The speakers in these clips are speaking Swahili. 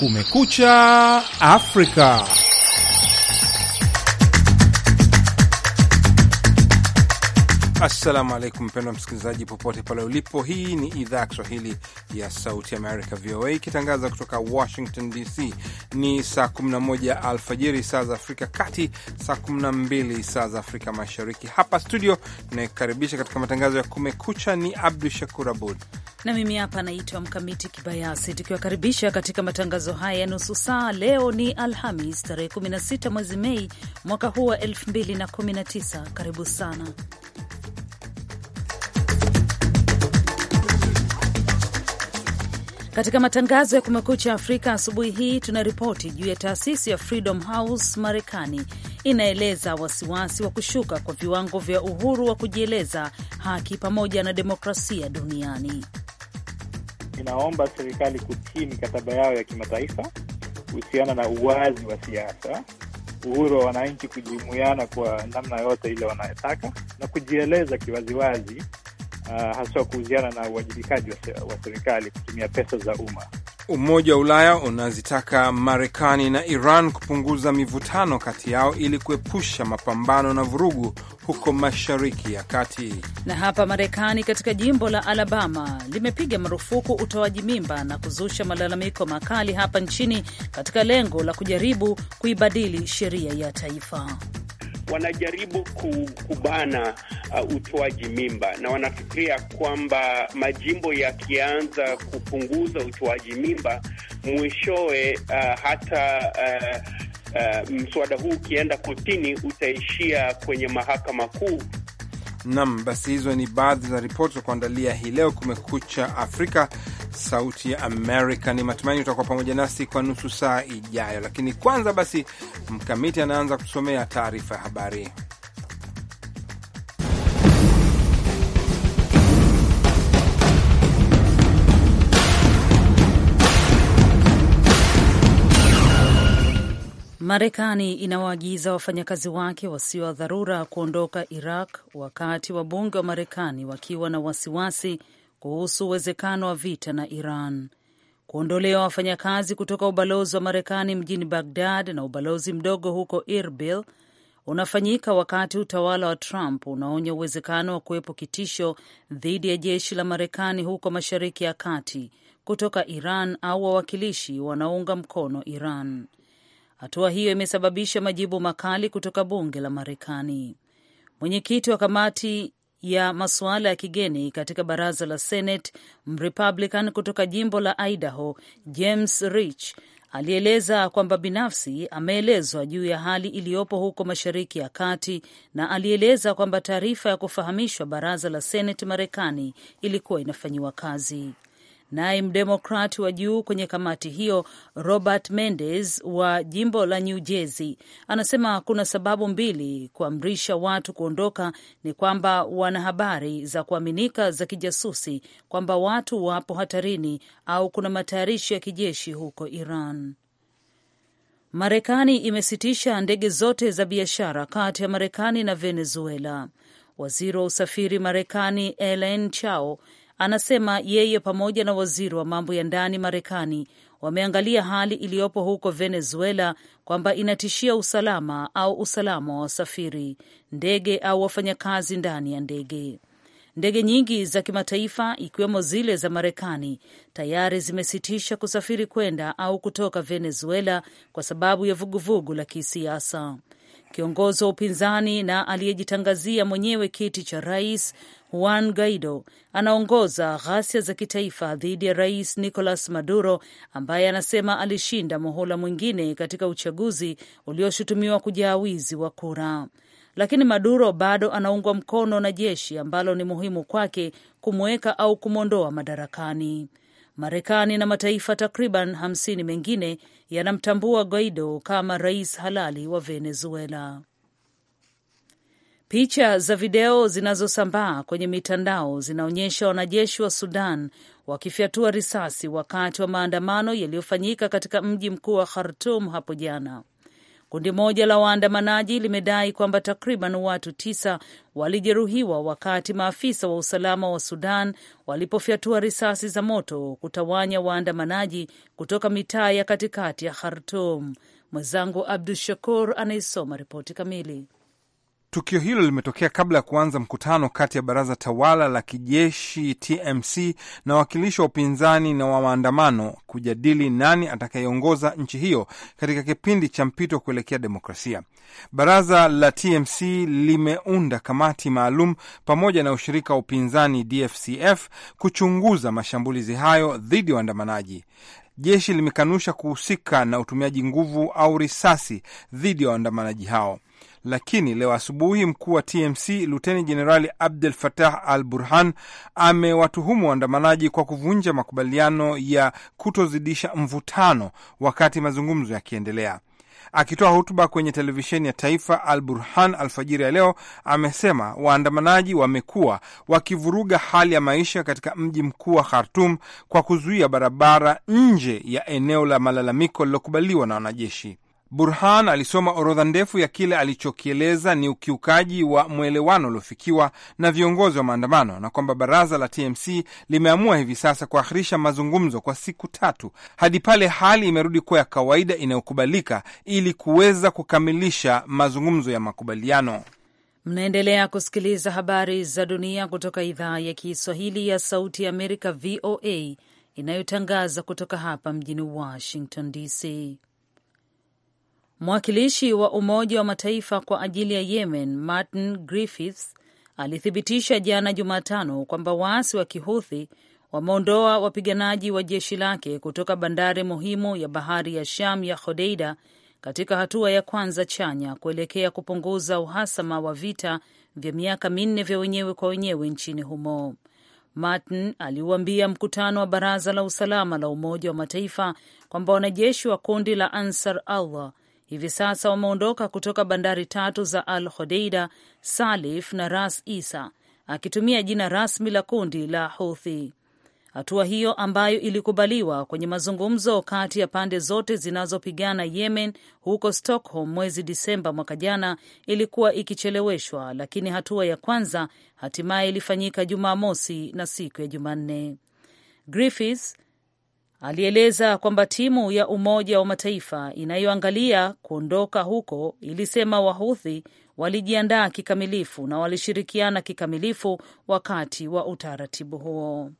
Kumekucha Afrika. Assalamu alaikum, mpendwa msikilizaji, popote pale ulipo. Hii ni idhaa ya Kiswahili ya Sauti Amerika, VOA, ikitangaza kutoka Washington DC. Ni saa 11 alfajiri saa za Afrika Kati, saa 12 saa za Afrika Mashariki. Hapa studio inayekaribisha katika matangazo ya Kumekucha ni Abdu Shakur Abud na mimi hapa naitwa Mkamiti Kibayasi, tukiwakaribisha katika matangazo haya ya nusu saa. Leo ni Alhamis, tarehe 16 mwezi Mei mwaka huu wa 2019. Karibu sana Katika matangazo ya Kumekucha Afrika asubuhi hii tuna ripoti juu ya taasisi ya Freedom House Marekani inaeleza wasiwasi wa kushuka kwa viwango vya uhuru wa kujieleza, haki pamoja na demokrasia duniani. Inaomba serikali kutii mikataba yao ya kimataifa kuhusiana na uwazi wa siasa, uhuru wa wananchi kujimuiana kwa namna yote ile wanayotaka na kujieleza kiwaziwazi uh, haswa kuhusiana na uwajibikaji wa serikali kutumia pesa za umma. Umoja wa Ulaya unazitaka Marekani na Iran kupunguza mivutano kati yao ili kuepusha mapambano na vurugu huko Mashariki ya Kati. Na hapa Marekani, katika jimbo la Alabama limepiga marufuku utoaji mimba na kuzusha malalamiko makali hapa nchini katika lengo la kujaribu kuibadili sheria ya taifa wanajaribu kubana uh, utoaji mimba na wanafikiria kwamba majimbo yakianza kupunguza utoaji mimba mwishowe, uh, hata uh, uh, mswada huu ukienda kotini utaishia kwenye mahakama kuu. Nam, basi hizo ni baadhi za ripoti za kuandalia hii leo Kumekucha Afrika. Sauti ya Amerika. Ni matumaini utakuwa pamoja nasi kwa nusu saa ijayo, lakini kwanza basi, Mkamiti anaanza kusomea taarifa ya habari. Marekani inawaagiza wafanyakazi wake wasio wa dharura kuondoka Iraq wakati wabunge wa Marekani wakiwa na wasiwasi kuhusu uwezekano wa vita na Iran. Kuondolewa wafanyakazi kutoka ubalozi wa Marekani mjini Bagdad na ubalozi mdogo huko Irbil unafanyika wakati utawala wa Trump unaonya uwezekano wa kuwepo kitisho dhidi ya jeshi la Marekani huko Mashariki ya Kati kutoka Iran au wawakilishi wanaounga mkono Iran. Hatua hiyo imesababisha majibu makali kutoka bunge la Marekani. Mwenyekiti wa kamati ya masuala ya kigeni katika baraza la Senate, Mrepublican kutoka jimbo la Idaho James Rich alieleza kwamba binafsi ameelezwa juu ya hali iliyopo huko Mashariki ya Kati, na alieleza kwamba taarifa ya kufahamishwa baraza la Seneti Marekani ilikuwa inafanyiwa kazi. Naye mdemokrat wa juu kwenye kamati hiyo Robert Mendes wa jimbo la New Jersey anasema kuna sababu mbili kuamrisha watu kuondoka: ni kwamba wana habari za kuaminika za kijasusi kwamba watu wapo hatarini au kuna matayarisho ya kijeshi huko Iran. Marekani imesitisha ndege zote za biashara kati ya Marekani na Venezuela. Waziri wa usafiri Marekani Elaine Chao anasema yeye pamoja na waziri wa mambo ya ndani Marekani wameangalia hali iliyopo huko Venezuela kwamba inatishia usalama au usalama wa wasafiri, ndege au wafanyakazi ndani ya ndege. Ndege nyingi za kimataifa ikiwemo zile za Marekani tayari zimesitisha kusafiri kwenda au kutoka Venezuela kwa sababu ya vuguvugu la kisiasa. Kiongozi wa upinzani na aliyejitangazia mwenyewe kiti cha rais Juan Guaido anaongoza ghasia za kitaifa dhidi ya rais Nicolas Maduro ambaye anasema alishinda muhula mwingine katika uchaguzi ulioshutumiwa kujaa wizi wa kura. Lakini Maduro bado anaungwa mkono na jeshi ambalo ni muhimu kwake kumweka au kumwondoa madarakani. Marekani na mataifa takriban hamsini mengine yanamtambua Guaido kama rais halali wa Venezuela. Picha za video zinazosambaa kwenye mitandao zinaonyesha wanajeshi wa Sudan wakifyatua risasi wakati wa maandamano yaliyofanyika katika mji mkuu wa Khartum hapo jana. Kundi moja la waandamanaji limedai kwamba takriban watu tisa walijeruhiwa wakati maafisa wa usalama wa Sudan walipofyatua risasi za moto kutawanya waandamanaji kutoka mitaa ya katikati ya Khartum. Mwenzangu Abdu Shakur anaisoma ripoti kamili. Tukio hilo limetokea kabla ya kuanza mkutano kati ya baraza tawala la kijeshi TMC na wawakilishi wa upinzani na wa maandamano kujadili nani atakayeongoza nchi hiyo katika kipindi cha mpito kuelekea demokrasia. Baraza la TMC limeunda kamati maalum pamoja na ushirika wa upinzani DFCF kuchunguza mashambulizi hayo dhidi ya waandamanaji. Jeshi limekanusha kuhusika na utumiaji nguvu au risasi dhidi ya waandamanaji hao lakini leo asubuhi mkuu wa TMC luteni jenerali Abdel Fattah al Burhan amewatuhumu waandamanaji kwa kuvunja makubaliano ya kutozidisha mvutano wakati mazungumzo yakiendelea. Akitoa hotuba kwenye televisheni ya taifa, Al Burhan alfajiri ya leo amesema waandamanaji wamekuwa wakivuruga hali ya maisha katika mji mkuu wa Khartum kwa kuzuia barabara nje ya eneo la malalamiko lililokubaliwa na wanajeshi. Burhan alisoma orodha ndefu ya kile alichokieleza ni ukiukaji wa mwelewano uliofikiwa na viongozi wa maandamano na kwamba baraza la TMC limeamua hivi sasa kuahirisha mazungumzo kwa siku tatu hadi pale hali imerudi kuwa ya kawaida inayokubalika ili kuweza kukamilisha mazungumzo ya makubaliano. Mnaendelea kusikiliza habari za dunia kutoka idhaa ya Kiswahili ya Sauti ya Amerika, VOA, inayotangaza kutoka hapa mjini Washington DC. Mwakilishi wa Umoja wa Mataifa kwa ajili ya Yemen, Martin Griffiths, alithibitisha jana Jumatano kwamba waasi wa Kihuthi wameondoa wapiganaji wa jeshi lake kutoka bandari muhimu ya bahari ya Sham ya Hodeida katika hatua ya kwanza chanya kuelekea kupunguza uhasama wa vita vya miaka minne vya wenyewe kwa wenyewe nchini humo. Martin aliuambia mkutano wa Baraza la Usalama la Umoja wa Mataifa kwamba wanajeshi wa kundi la Ansar Allah hivi sasa wameondoka kutoka bandari tatu za Al Hodeida, Salif na Ras Isa, akitumia jina rasmi la kundi la Houthi. Hatua hiyo ambayo ilikubaliwa kwenye mazungumzo kati ya pande zote zinazopigana Yemen huko Stockholm mwezi Disemba mwaka jana ilikuwa ikicheleweshwa, lakini hatua ya kwanza hatimaye ilifanyika Jumamosi na siku ya Jumanne. Griffiths alieleza kwamba timu ya Umoja wa Mataifa inayoangalia kuondoka huko ilisema Wahuthi walijiandaa kikamilifu na walishirikiana kikamilifu wakati wa utaratibu huo.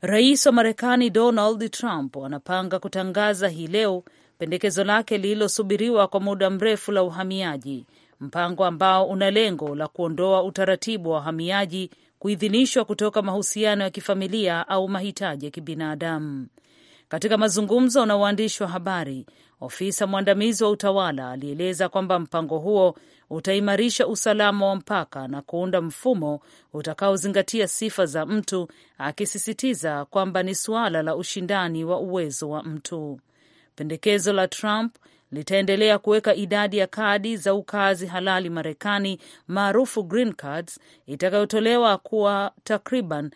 Rais wa Marekani Donald Trump anapanga kutangaza hii leo pendekezo lake lililosubiriwa kwa muda mrefu la uhamiaji, mpango ambao una lengo la kuondoa utaratibu wa wahamiaji kuidhinishwa kutoka mahusiano ya kifamilia au mahitaji ya kibinadamu. Katika mazungumzo na waandishi wa habari, ofisa mwandamizi wa utawala alieleza kwamba mpango huo utaimarisha usalama wa mpaka na kuunda mfumo utakaozingatia sifa za mtu, akisisitiza kwamba ni suala la ushindani wa uwezo wa mtu. Pendekezo la Trump litaendelea kuweka idadi ya kadi za ukaazi halali Marekani maarufu green cards itakayotolewa kuwa takriban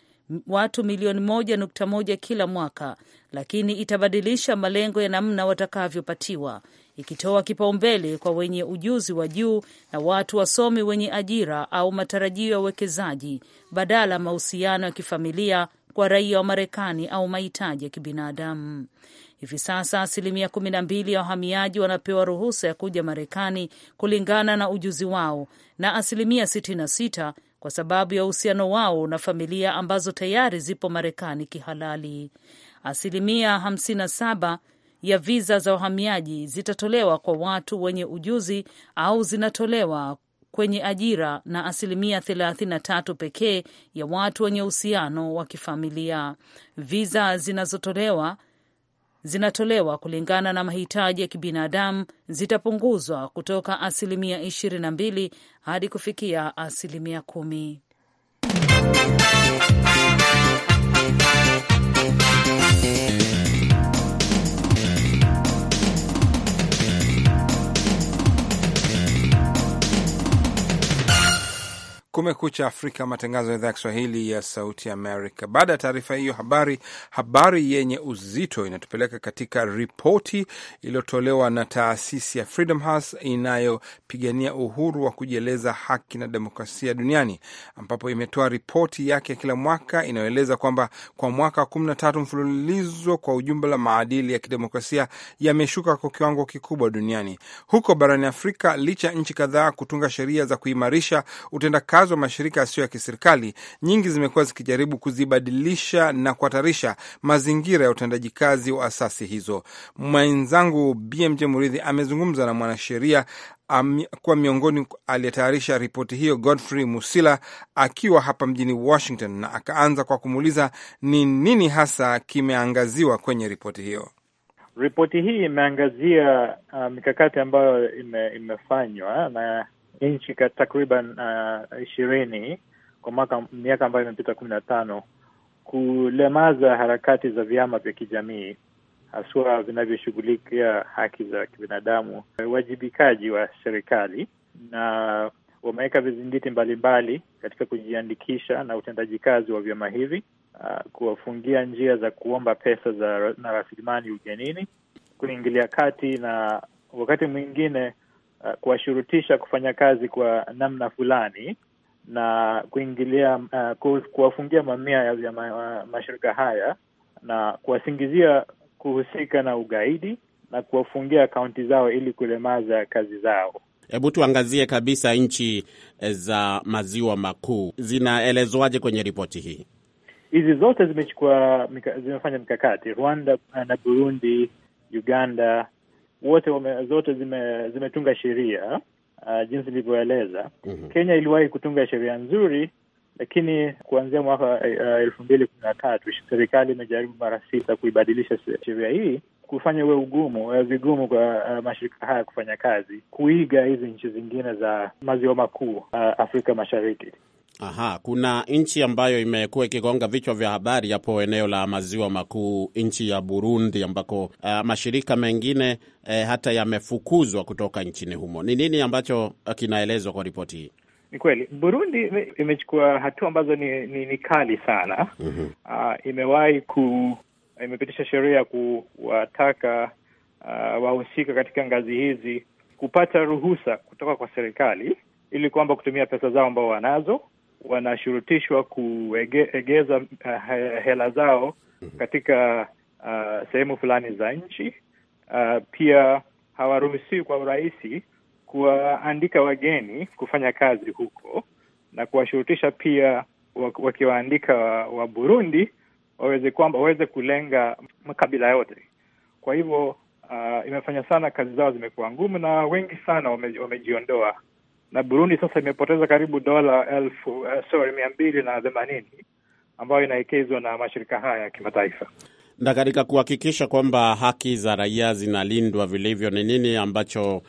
watu milioni moja nukta moja kila mwaka, lakini itabadilisha malengo ya namna watakavyopatiwa, ikitoa kipaumbele kwa wenye ujuzi wa juu na watu wasomi wenye ajira au matarajio ya uwekezaji, badala mahusiano ya kifamilia kwa raia wa Marekani au mahitaji ya kibinadamu. Hivi sasa asilimia kumi na mbili ya wahamiaji wanapewa ruhusa ya kuja Marekani kulingana na ujuzi wao na asilimia sitini na sita kwa sababu ya uhusiano wao na familia ambazo tayari zipo Marekani kihalali. Asilimia saba ya viza za wahamiaji zitatolewa kwa watu wenye ujuzi au zinatolewa kwenye ajira na asilimia tatu pekee ya watu wenye uhusiano wa kifamilia. Viza zinazotolewa zinatolewa kulingana na mahitaji ya kibinadamu zitapunguzwa kutoka asilimia 22 hadi kufikia asilimia kumi. Kumekucha Afrika, matangazo ya idhaa ya Kiswahili ya Sauti Amerika. Baada ya taarifa hiyo habari, habari yenye uzito inatupeleka katika ripoti iliyotolewa na taasisi ya Freedom House inayopigania uhuru wa kujieleza, haki na demokrasia duniani, ambapo imetoa ripoti yake ya kila mwaka inayoeleza kwamba kwa mwaka wa kumi na tatu mfululizo, kwa ujumla maadili ya kidemokrasia yameshuka kwa kiwango kikubwa duniani. Huko barani Afrika, licha ya nchi kadhaa kutunga sheria za kuimarisha utendakazi ambazo mashirika yasiyo ya kiserikali nyingi zimekuwa zikijaribu kuzibadilisha na kuhatarisha mazingira ya utendaji kazi wa asasi hizo. Mwenzangu BMJ Muridhi amezungumza na mwanasheria kuwa miongoni aliyetayarisha ripoti hiyo Godfrey Musila akiwa hapa mjini Washington, na akaanza kwa kumuuliza ni nini hasa kimeangaziwa kwenye ripoti hiyo. Ripoti hii imeangazia uh, mikakati ambayo ime, imefanywa na nchi takriban uh, ishirini uh, kwa miaka ambayo imepita kumi na tano kulemaza harakati za vyama vya kijamii haswa vinavyoshughulikia haki za kibinadamu, uwajibikaji wa serikali, na wameweka vizingiti mbalimbali katika kujiandikisha na utendaji kazi wa vyama hivi, uh, kuwafungia njia za kuomba pesa za na rasilimali ugenini, kuingilia kati na wakati mwingine uh, kuwashurutisha kufanya kazi kwa namna fulani na kuingilia uh, kuwafungia mamia ya ma, uh, mashirika haya na kuwasingizia kuhusika na ugaidi na kuwafungia akaunti zao ili kulemaza kazi zao. Hebu tuangazie kabisa nchi eh, za maziwa makuu zinaelezwaje kwenye ripoti hii? Hizi zote zimechukua zimefanya mikakati. Rwanda na Burundi, Uganda wote wame, zote zime, zimetunga sheria uh, jinsi ilivyoeleza. mm -hmm. Kenya iliwahi kutunga sheria nzuri, lakini kuanzia mwaka eh, elfu mbili kumi na tatu serikali imejaribu mara sita kuibadilisha sheria hii kufanya uwe ugumu eh, vigumu kwa uh, mashirika haya kufanya kazi, kuiga hizi nchi zingine za maziwa makuu uh, Afrika Mashariki. Aha, kuna nchi ambayo imekuwa ikigonga vichwa vya habari hapo eneo la maziwa makuu, nchi ya Burundi, ambako uh, mashirika mengine uh, hata yamefukuzwa kutoka nchini humo. Ni nini ambacho eh, kinaelezwa kwa ripoti hii? Ni kweli Burundi imechukua hatua ambazo ni, ni, ni kali sana. mm -hmm. Uh, imewahi ku imepitisha sheria ya kuwataka uh, ah, wahusika katika ngazi hizi kupata ruhusa kutoka kwa serikali ili kwamba kutumia pesa zao ambao wanazo wanashurutishwa kuegeza uh, eh, hela zao mhm. katika uh, sehemu fulani za nchi. Uh, pia hawaruhusiwi kwa urahisi kuwaandika wageni kufanya kazi huko na kuwashurutisha pia wakiwaandika wa Burundi waweze kwamba waweze kulenga makabila yote. Kwa hivyo uh, imefanya sana kazi zao zimekuwa ngumu na wengi sana wame, wamejiondoa na Burundi sasa imepoteza karibu dola elfu uh, sorry mia mbili na themanini ambayo inaekezwa na mashirika haya ya kimataifa. Na katika kuhakikisha kwamba haki za raia zinalindwa vilivyo, ni nini ambacho uh,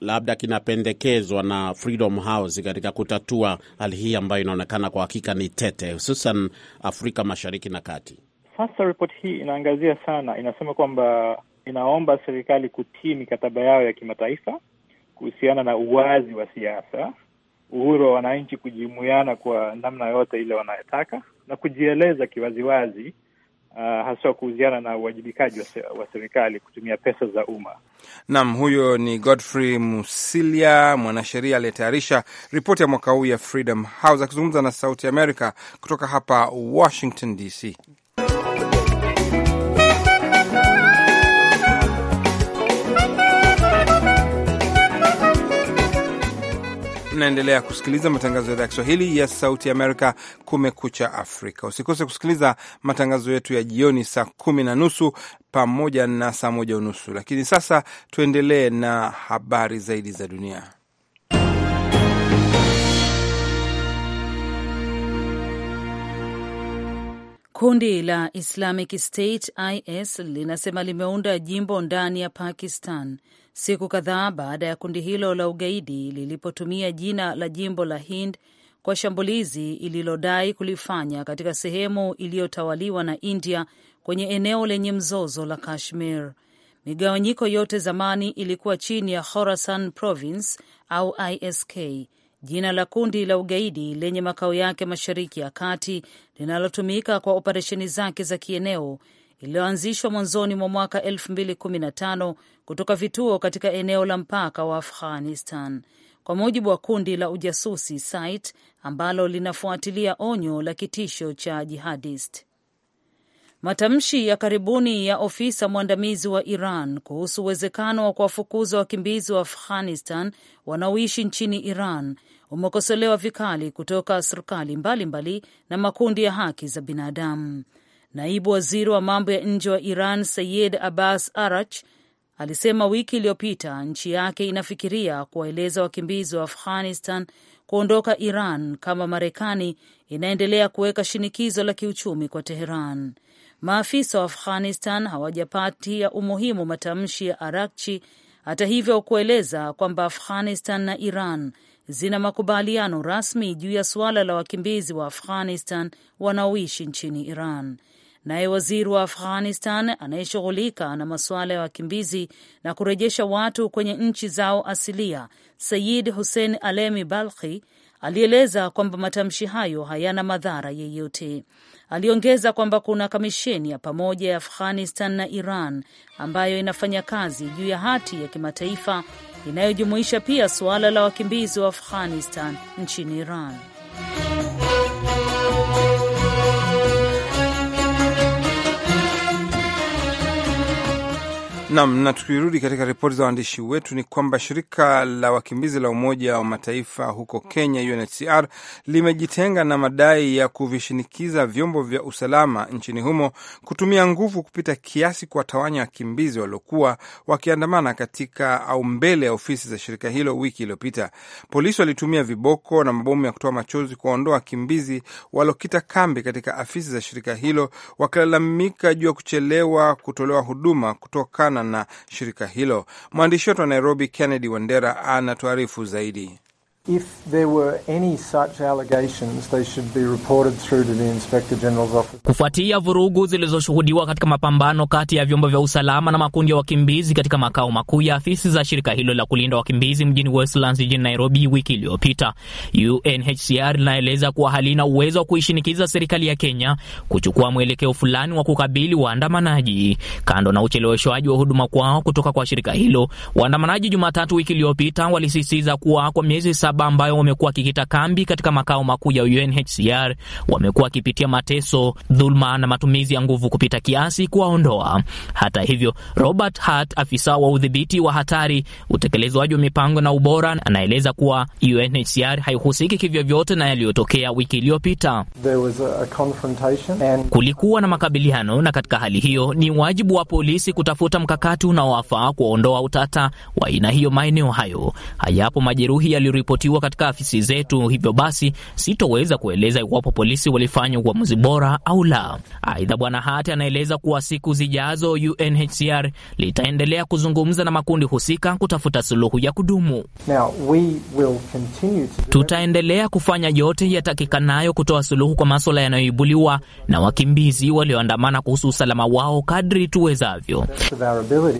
labda kinapendekezwa na Freedom House katika kutatua hali hii ambayo inaonekana kwa hakika ni tete, hususan Afrika Mashariki na Kati? Sasa ripoti hii inaangazia sana, inasema kwamba inaomba serikali kutii mikataba yao ya kimataifa kuhusiana na uwazi wa siasa, uhuru wa wananchi kujimuiana kwa namna yote ile wanayotaka na kujieleza kiwaziwazi. Uh, haswa kuhusiana na uwajibikaji wa serikali kutumia pesa za umma. Naam, huyo ni Godfrey musilia mwanasheria aliyetayarisha ripoti ya mwaka huu ya Freedom House akizungumza na Sauti America kutoka hapa Washington DC. Mnaendelea kusikiliza matangazo ya idhaa ya Kiswahili ya Sauti Amerika, Kumekucha Afrika. Usikose kusikiliza matangazo yetu ya jioni saa kumi na nusu pamoja na saa moja unusu. Lakini sasa tuendelee na habari zaidi za dunia. Kundi la Islamic State IS linasema limeunda jimbo ndani ya Pakistan siku kadhaa baada ya kundi hilo la ugaidi lilipotumia jina la jimbo la Hind kwa shambulizi ililodai kulifanya katika sehemu iliyotawaliwa na India kwenye eneo lenye mzozo la Kashmir. Migawanyiko yote zamani ilikuwa chini ya Khorasan Province au ISK, jina la kundi la ugaidi lenye makao yake Mashariki ya Kati linalotumika kwa operesheni zake za kieneo iliyoanzishwa mwanzoni mwa mwaka 2015 kutoka vituo katika eneo la mpaka wa Afghanistan, kwa mujibu wa kundi la ujasusi SITE ambalo linafuatilia onyo la kitisho cha jihadist. Matamshi ya karibuni ya ofisa mwandamizi wa Iran kuhusu uwezekano wa kuwafukuza wakimbizi wa Afghanistan wanaoishi nchini Iran umekosolewa vikali kutoka serikali mbalimbali na makundi ya haki za binadamu. Naibu waziri wa mambo ya nje wa Iran Sayid Abbas Arach alisema wiki iliyopita nchi yake inafikiria kuwaeleza wakimbizi wa Afghanistan kuondoka Iran kama Marekani inaendelea kuweka shinikizo la kiuchumi kwa Teheran. Maafisa wa Afghanistan hawajapatia umuhimu matamshi ya Arakchi, hata hivyo, kueleza kwamba Afghanistan na Iran zina makubaliano rasmi juu ya suala la wakimbizi wa Afghanistan wanaoishi nchini Iran. Naye waziri wa Afghanistan anayeshughulika na masuala ya wakimbizi na kurejesha watu kwenye nchi zao asilia, Sayid Hussein Alemi Balkhi alieleza kwamba matamshi hayo hayana madhara yeyote. Aliongeza kwamba kuna kamisheni ya pamoja ya Afghanistan na Iran ambayo inafanya kazi juu ya hati ya kimataifa inayojumuisha pia suala la wakimbizi wa Afghanistan nchini Iran. Nam, na tukirudi katika ripoti za waandishi wetu ni kwamba shirika la wakimbizi la Umoja wa Mataifa huko Kenya, UNHCR, limejitenga na madai ya kuvishinikiza vyombo vya usalama nchini humo kutumia nguvu kupita kiasi kuwatawanya wakimbizi waliokuwa wakiandamana katika au mbele ya ofisi za shirika hilo wiki iliyopita. Polisi walitumia viboko na mabomu ya kutoa machozi kuwaondoa wakimbizi waliokita kambi katika afisi za shirika hilo, wakilalamika juu ya kuchelewa kutolewa huduma kutokana na shirika hilo. Mwandishi wetu wa Nairobi, Kennedy Wandera, anatuarifu zaidi. Kufuatia vurugu zilizoshuhudiwa katika mapambano kati ya vyombo vya usalama na makundi ya wakimbizi katika makao makuu ya afisi za shirika hilo la kulinda wakimbizi mjini Westlands jijini Nairobi wiki iliyopita, UNHCR linaeleza kuwa halina uwezo wa kuishinikiza serikali ya Kenya kuchukua mwelekeo fulani wa kukabili waandamanaji. Kando na ucheleweshwaji wa huduma kwao kutoka kwa shirika hilo, waandamanaji Jumatatu wiki iliyopita walisisitiza kuwa kwa miezi saba ambayo wamekuwa wakikita kambi katika makao makuu ya UNHCR wamekuwa wakipitia mateso, dhuluma na matumizi ya nguvu kupita kiasi kuwaondoa. Hata hivyo, Robert Hart, afisa wa udhibiti wa hatari, utekelezwaji wa mipango na ubora, anaeleza kuwa UNHCR haihusiki kivyovyote na yaliyotokea wiki iliyopita. and... kulikuwa na makabiliano, na katika hali hiyo ni wajibu wa polisi kutafuta mkakati unaowafaa kuwaondoa utata wa aina hiyo maeneo hayo. Hayapo majeruhi yaliyoripotiwa wameripotiwa katika afisi zetu, hivyo basi sitoweza kueleza iwapo polisi walifanya uamuzi bora au la. Aidha, Bwana Hart anaeleza kuwa siku zijazo UNHCR litaendelea kuzungumza na makundi husika kutafuta suluhu ya kudumu. Now, tutaendelea kufanya yote yatakikanayo kutoa suluhu kwa maswala yanayoibuliwa na wakimbizi walioandamana kuhusu usalama wao kadri tuwezavyo.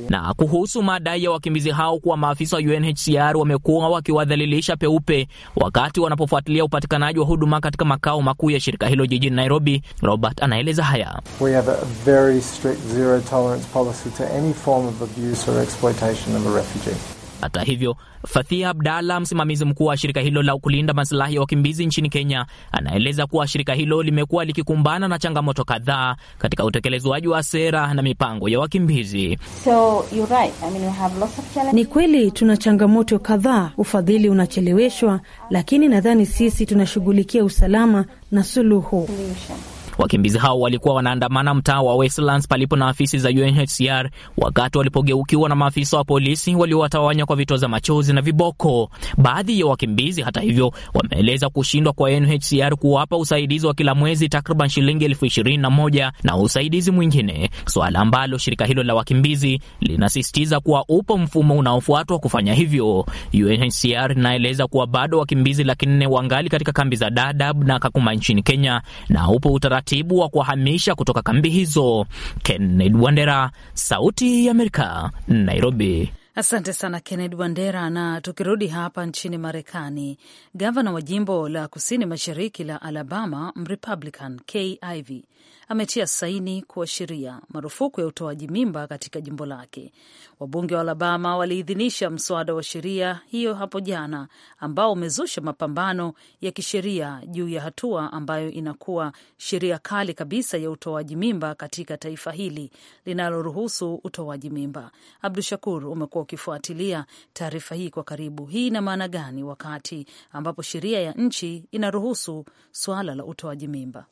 Na kuhusu madai ya wakimbizi hao kuwa maafisa wa UNHCR wamekuwa wakiwadhalilisha pe Weupe wakati wanapofuatilia upatikanaji wa huduma katika makao makuu ya shirika hilo jijini Nairobi. Robert anaeleza haya. We have a very strict zero tolerance policy to any form of abuse or exploitation of a refugee. Hata hivyo, Fathia Abdalla, msimamizi mkuu wa shirika hilo la kulinda masilahi ya wakimbizi nchini Kenya, anaeleza kuwa shirika hilo limekuwa likikumbana na changamoto kadhaa katika utekelezwaji wa sera na mipango ya wakimbizi. So, you're right. I mean, we have lots of ni kweli tuna changamoto kadhaa, ufadhili unacheleweshwa, lakini nadhani sisi tunashughulikia usalama na suluhu Solution. Wakimbizi hao walikuwa wanaandamana mtaa wa Westlands palipo na afisi za UNHCR wakati walipogeukiwa na maafisa wa polisi waliowatawanya kwa vitoza machozi na viboko. Baadhi ya wakimbizi hata hivyo wameeleza kushindwa kwa UNHCR kuwapa usaidizi wa kila mwezi takriban shilingi elfu ishirini na moja na usaidizi mwingine, swala ambalo shirika hilo la wakimbizi linasisitiza kuwa upo mfumo unaofuatwa kufanya hivyo. UNHCR inaeleza kuwa bado wakimbizi laki nne wangali katika kambi za Dadaab na Kakuma nchini Kenya na upo utaratibu utaratibu wa kuwahamisha kutoka kambi hizo. Kennedy Wandera, Sauti ya Amerika, Nairobi. Asante sana Kennedy Wandera. Na tukirudi hapa nchini Marekani, gavana wa jimbo la kusini mashariki la Alabama, Mrepublican Kay Ivey ametia saini kuwa sheria marufuku ya utoaji mimba katika jimbo lake. Wabunge wa Alabama waliidhinisha mswada wa sheria hiyo hapo jana, ambao umezusha mapambano ya kisheria juu ya hatua ambayo inakuwa sheria kali kabisa ya utoaji mimba katika taifa hili linaloruhusu utoaji mimba. Abdu Shakur, umekuwa ukifuatilia taarifa hii kwa karibu. Hii ina maana gani wakati ambapo sheria ya nchi inaruhusu swala la utoaji mimba?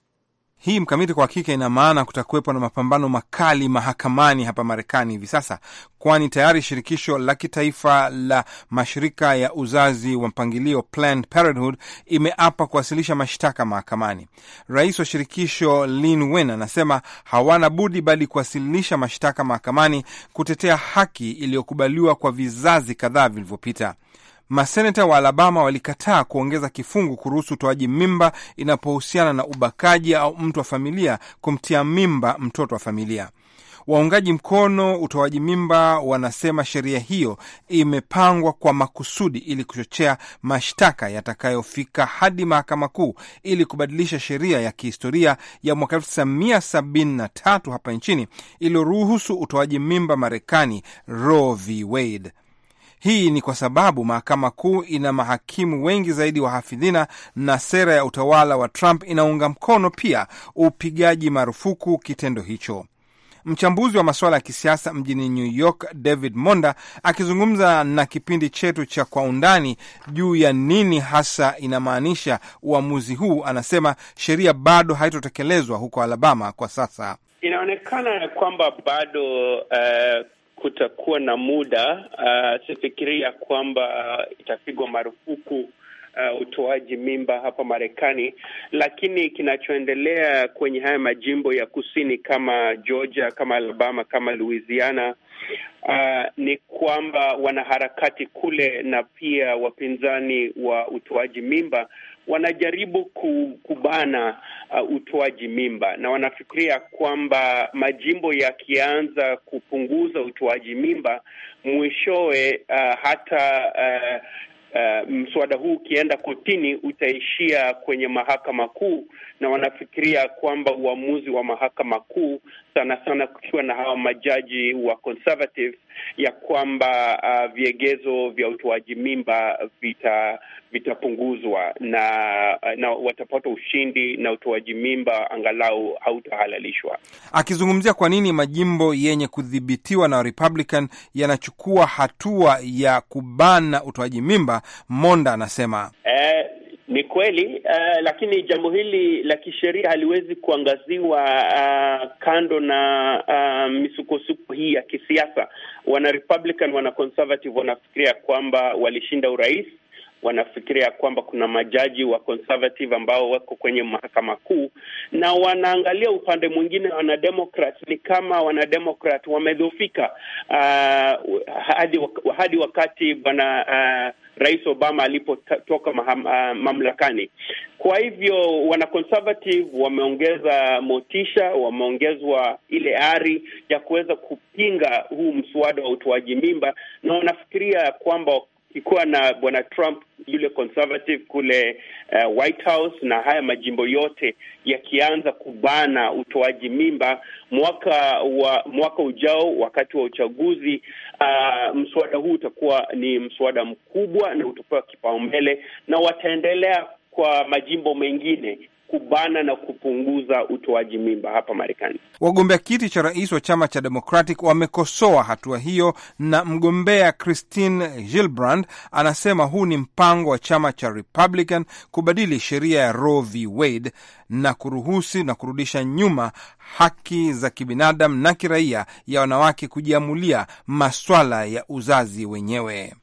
hii mkamiti kwa hakika ina maana kutakuwepo na mapambano makali mahakamani hapa Marekani hivi sasa, kwani tayari shirikisho la kitaifa la mashirika ya uzazi wa mpangilio Planned Parenthood imeapa kuwasilisha mashtaka mahakamani. Rais wa shirikisho Lin Wen anasema hawana budi bali kuwasilisha mashtaka mahakamani kutetea haki iliyokubaliwa kwa vizazi kadhaa vilivyopita. Maseneta wa Alabama walikataa kuongeza kifungu kuruhusu utoaji mimba inapohusiana na ubakaji au mtu wa familia kumtia mimba mtoto wa familia. Waungaji mkono utoaji mimba wanasema sheria hiyo imepangwa kwa makusudi ili kuchochea mashtaka yatakayofika hadi mahakama kuu ili kubadilisha sheria ya kihistoria ya mwaka 1973 hapa nchini iliyoruhusu utoaji mimba Marekani, Roe v Wade. Hii ni kwa sababu mahakama kuu ina mahakimu wengi zaidi wa hafidhina na sera ya utawala wa Trump inaunga mkono pia upigaji marufuku kitendo hicho. Mchambuzi wa masuala ya kisiasa mjini New York, David Monda, akizungumza na kipindi chetu cha Kwa Undani juu ya nini hasa inamaanisha uamuzi huu, anasema sheria bado haitotekelezwa huko Alabama kwa sasa. Inaonekana kwamba bado uh kutakuwa na muda uh, ah, sifikiria kwamba uh, itapigwa marufuku uh, utoaji mimba hapa Marekani, lakini kinachoendelea kwenye haya majimbo ya kusini kama Georgia, kama Alabama, kama Louisiana uh, ni kwamba wanaharakati kule na pia wapinzani wa utoaji mimba wanajaribu kubana uh, utoaji mimba na wanafikiria kwamba majimbo yakianza kupunguza utoaji mimba mwishowe, uh, hata uh, uh, mswada huu ukienda kotini utaishia kwenye mahakama kuu, na wanafikiria kwamba uamuzi wa mahakama kuu sana sana kukiwa na hawa majaji wa conservative ya kwamba uh, viegezo vya utoaji mimba vitapunguzwa vita na, uh, na watapata ushindi na utoaji mimba angalau hautahalalishwa. Akizungumzia kwa nini majimbo yenye kudhibitiwa na Republican yanachukua hatua ya kubana utoaji mimba, Monda anasema eh, ni kweli uh, lakini jambo hili la kisheria haliwezi kuangaziwa uh, kando na uh, misukosuko hii ya kisiasa. Wana Republican, wana Conservative wanafikiria kwamba walishinda urais wanafikiria kwamba kuna majaji wa conservative ambao wako kwenye mahakama kuu, na wanaangalia upande mwingine wanademokrat, ni kama wanademokrat wamedhofika uh, hadi, hadi wakati bwana uh, Rais Obama alipotoka uh, mamlakani. Kwa hivyo wana conservative wameongeza motisha, wameongezwa ile ari ya kuweza kupinga huu mswada wa utoaji mimba, na wanafikiria kwamba ikiwa na bwana Trump yule conservative kule uh, White House na haya majimbo yote yakianza kubana utoaji mimba mwaka wa mwaka ujao wakati wa uchaguzi uh, mswada huu utakuwa ni mswada mkubwa na utapewa kipaumbele na wataendelea kwa majimbo mengine kubana na kupunguza utoaji mimba hapa Marekani. Wagombea kiti cha rais wa chama cha Democratic wamekosoa hatua hiyo, na mgombea Christine Gillibrand anasema huu ni mpango wa chama cha Republican kubadili sheria ya Roe v. Wade na kuruhusi na kurudisha nyuma haki za kibinadamu na kiraia ya wanawake kujiamulia maswala ya uzazi wenyewe.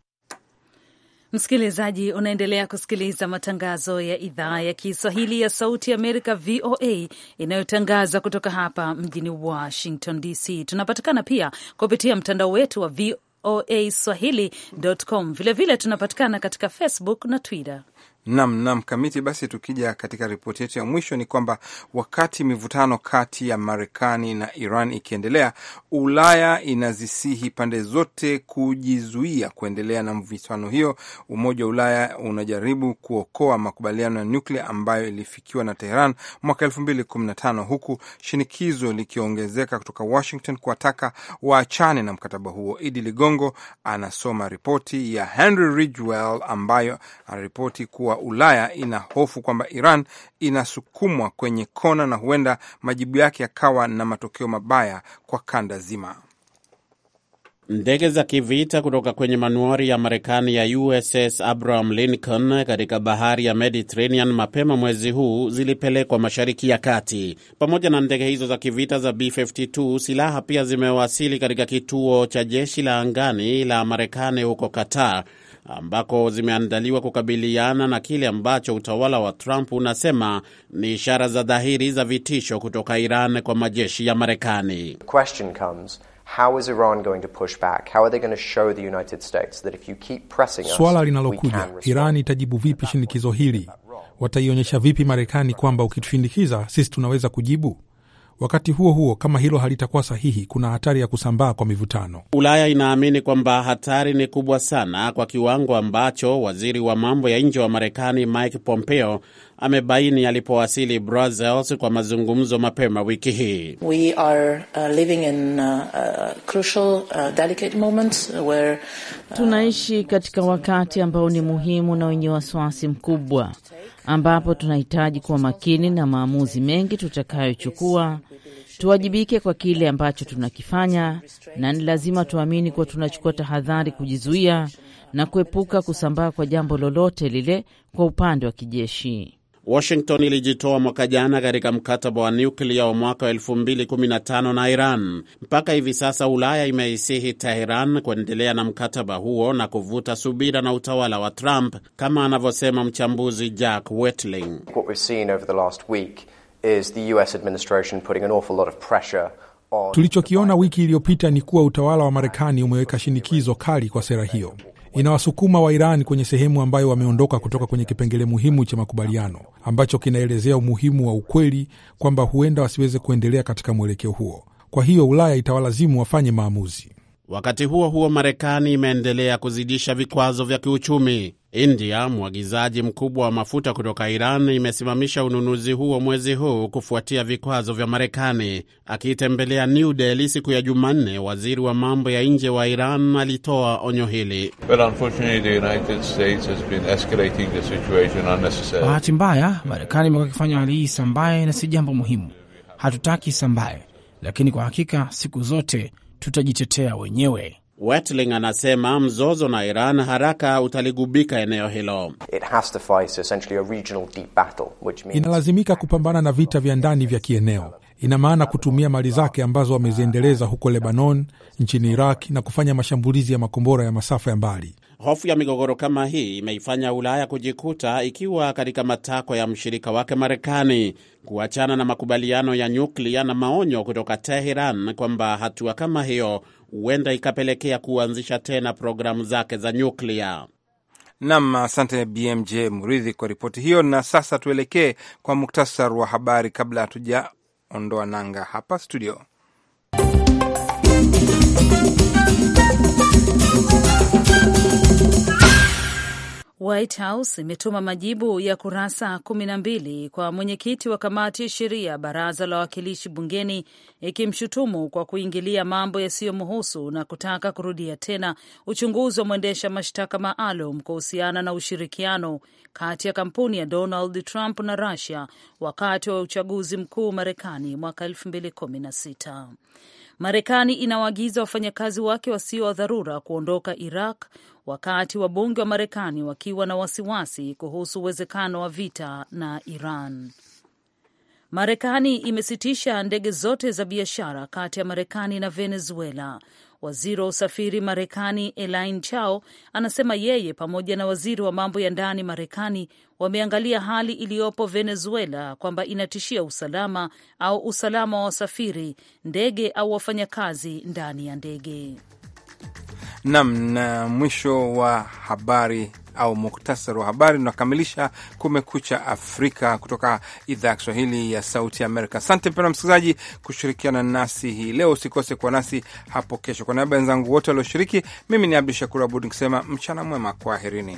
Msikilizaji, unaendelea kusikiliza matangazo ya idhaa ya Kiswahili ya Sauti Amerika, VOA, inayotangaza kutoka hapa mjini Washington DC. Tunapatikana pia kupitia mtandao wetu wa voa swahili.com. Vilevile tunapatikana katika Facebook na Twitter. Nam nam kamiti. Basi tukija katika ripoti yetu ya mwisho, ni kwamba wakati mivutano kati ya Marekani na Iran ikiendelea, Ulaya inazisihi pande zote kujizuia kuendelea na mvutano hiyo. Umoja wa Ulaya unajaribu kuokoa makubaliano ya nyuklia ambayo ilifikiwa na Teheran mwaka elfu mbili kumi na tano huku shinikizo likiongezeka kutoka Washington kuwataka waachane na mkataba huo. Idi Ligongo anasoma ripoti ya Henry Ridgwell ambayo anaripoti kuwa Ulaya ina hofu kwamba Iran inasukumwa kwenye kona na huenda majibu yake yakawa na matokeo mabaya kwa kanda zima. Ndege za kivita kutoka kwenye manuari ya Marekani ya USS Abraham Lincoln katika bahari ya Mediterranean mapema mwezi huu zilipelekwa Mashariki ya Kati. Pamoja na ndege hizo za kivita za B52, silaha pia zimewasili katika kituo cha jeshi la angani la Marekani huko Qatar ambako zimeandaliwa kukabiliana na kile ambacho utawala wa Trump unasema ni ishara za dhahiri za vitisho kutoka Iran kwa majeshi ya Marekani. Swala linalokuja, Iran itajibu vipi shinikizo hili? Wataionyesha vipi Marekani kwamba ukitushindikiza sisi tunaweza kujibu? Wakati huo huo, kama hilo halitakuwa sahihi, kuna hatari ya kusambaa kwa mivutano. Ulaya inaamini kwamba hatari ni kubwa sana kwa kiwango ambacho waziri wa mambo ya nje wa Marekani Mike Pompeo amebaini alipowasili Brussels kwa mazungumzo mapema wiki hii. We are uh, living in a uh, uh, crucial delicate moment where, uh, tunaishi katika wakati ambao ni muhimu na wenye wasiwasi mkubwa ambapo tunahitaji kuwa makini na maamuzi mengi tutakayochukua, tuwajibike kwa kile ambacho tunakifanya, na ni lazima tuamini kuwa tunachukua tahadhari, kujizuia na kuepuka kusambaa kwa jambo lolote lile kwa upande wa kijeshi. Washington ilijitoa mwaka jana katika mkataba wa nyuklia wa mwaka wa 2015 na Iran. Mpaka hivi sasa Ulaya imeisihi Teheran kuendelea na mkataba huo na kuvuta subira na utawala wa Trump, kama anavyosema mchambuzi Jack Wetling. Tulichokiona wiki iliyopita ni kuwa utawala wa Marekani umeweka shinikizo kali kwa sera hiyo inawasukuma Wairani kwenye sehemu ambayo wameondoka kutoka kwenye kipengele muhimu cha makubaliano ambacho kinaelezea umuhimu wa ukweli kwamba huenda wasiweze kuendelea katika mwelekeo huo. Kwa hiyo Ulaya itawalazimu wafanye maamuzi. Wakati huo huo, Marekani imeendelea kuzidisha vikwazo vya kiuchumi. India, mwagizaji mkubwa wa mafuta kutoka Iran, imesimamisha ununuzi huo mwezi huu kufuatia vikwazo vya Marekani. Akiitembelea New Delhi siku ya Jumanne, waziri wa mambo ya nje wa Iran alitoa onyo hili. Bahati mbaya, Marekani imekuwa ikifanya hali hii sambaye na si jambo muhimu. Hatutaki isambaye, lakini kwa hakika siku zote tutajitetea wenyewe. Wetling anasema mzozo na Iran haraka utaligubika eneo hilo. Inalazimika kupambana na vita vya ndani vya kieneo. Ina maana kutumia mali zake ambazo wameziendeleza huko Lebanon, nchini Iraq na kufanya mashambulizi ya makombora ya masafa ya mbali. Hofu ya migogoro kama hii imeifanya Ulaya kujikuta ikiwa katika matakwa ya mshirika wake Marekani kuachana na makubaliano ya nyuklia na maonyo kutoka Teheran kwamba hatua kama hiyo huenda ikapelekea kuanzisha tena programu zake za nyuklia. Nam, asante BMJ Mridhi kwa ripoti hiyo. Na sasa tuelekee kwa muktasar wa habari kabla hatujaondoa nanga hapa studio. White House imetuma majibu ya kurasa kumi na mbili kwa mwenyekiti wa kamati ya sheria baraza la wawakilishi bungeni ikimshutumu kwa kuingilia mambo yasiyomhusu na kutaka kurudia tena uchunguzi wa mwendesha mashtaka maalum kuhusiana na ushirikiano kati ya kampuni ya Donald Trump na Russia wakati wa uchaguzi mkuu Marekani mwaka sita. Marekani inawaagiza wafanyakazi wake wasio wa dharura kuondoka Iraq wakati wabunge wa Marekani wakiwa na wasiwasi kuhusu uwezekano wa vita na Iran. Marekani imesitisha ndege zote za biashara kati ya Marekani na Venezuela Waziri wa usafiri Marekani Elaine Chao anasema yeye pamoja na waziri wa mambo ya ndani Marekani wameangalia hali iliyopo Venezuela kwamba inatishia usalama au usalama wa wasafiri, ndege au wafanyakazi ndani ya ndege. Nam na mwisho wa habari au muktasari wa habari. Tunakamilisha Kumekucha Afrika kutoka idhaa ya Kiswahili ya Sauti Amerika. Asante mpendwa msikilizaji kushirikiana nasi hii leo. Usikose kuwa nasi hapo kesho. Kwa niaba ya wenzangu wote walioshiriki, mimi ni Abdu Shakur Abud nikisema mchana mwema, kwaherini.